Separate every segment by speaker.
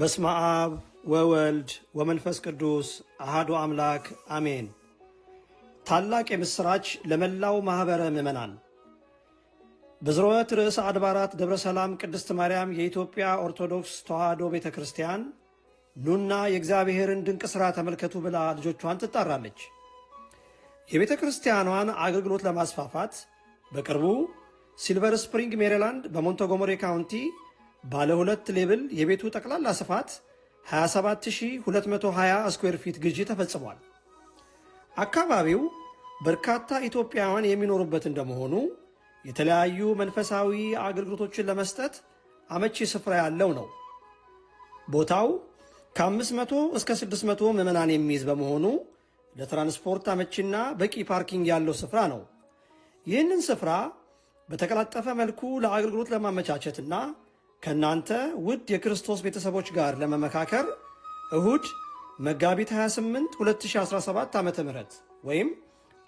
Speaker 1: በስመ አብ ወወልድ ወመንፈስ ቅዱስ አሃዱ አምላክ አሜን። ታላቅ የምሥራች ለመላው ማኅበረ ምእመናን። በዝሮወት ርዕሰ አድባራት ደብረ ሰላም ቅድስት ማርያም የኢትዮጵያ ኦርቶዶክስ ተዋሕዶ ቤተ ክርስቲያን ኑና የእግዚአብሔርን ድንቅ ሥራ ተመልከቱ ብላ ልጆቿን ትጣራለች። የቤተ ክርስቲያኗን አገልግሎት ለማስፋፋት በቅርቡ ሲልቨር ስፕሪንግ ሜሪላንድ በሞንቶጎሞሪ ካውንቲ ባለ ሁለት ሌብል የቤቱ ጠቅላላ ስፋት 27220 ስኩዌር ፊት ግዢ ተፈጽሟል። አካባቢው በርካታ ኢትዮጵያውያን የሚኖሩበት እንደመሆኑ የተለያዩ መንፈሳዊ አገልግሎቶችን ለመስጠት አመቺ ስፍራ ያለው ነው። ቦታው ከ500 እስከ 600 ምዕመናን የሚይዝ በመሆኑ ለትራንስፖርት አመቺና በቂ ፓርኪንግ ያለው ስፍራ ነው። ይህንን ስፍራ በተቀላጠፈ መልኩ ለአገልግሎት ለማመቻቸትና ከእናንተ ውድ የክርስቶስ ቤተሰቦች ጋር ለመመካከር እሁድ መጋቢት 28 2017 ዓ ም ወይም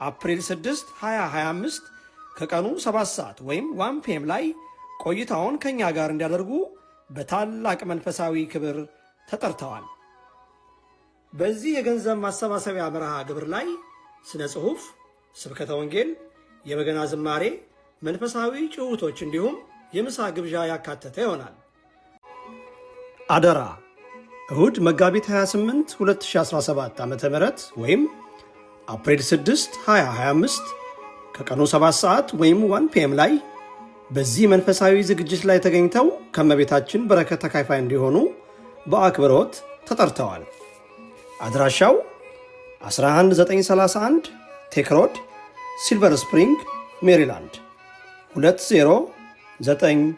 Speaker 1: አፕሪል 6 2025 ከቀኑ 7 ሰዓት ወይም ዋን ፒኤም ላይ ቆይታውን ከእኛ ጋር እንዲያደርጉ በታላቅ መንፈሳዊ ክብር ተጠርተዋል። በዚህ የገንዘብ ማሰባሰቢያ መርሃ ግብር ላይ ስነ ጽሑፍ፣ ስብከተ ወንጌል፣ የበገና ዝማሬ፣ መንፈሳዊ ጭውቶች እንዲሁም የምሳ ግብዣ ያካተተ ይሆናል። አደራ እሁድ መጋቢት 28 2017 ዓ ም ወይም አፕሪል 6 2025 ከቀኑ 7 ሰዓት ወይም 1 ፒኤም ላይ በዚህ መንፈሳዊ ዝግጅት ላይ ተገኝተው ከመቤታችን በረከት ተካፋይ እንዲሆኑ በአክብሮት ተጠርተዋል። አድራሻው 11931 ቴክሮድ ሲልቨር ስፕሪንግ ሜሪላንድ 20 904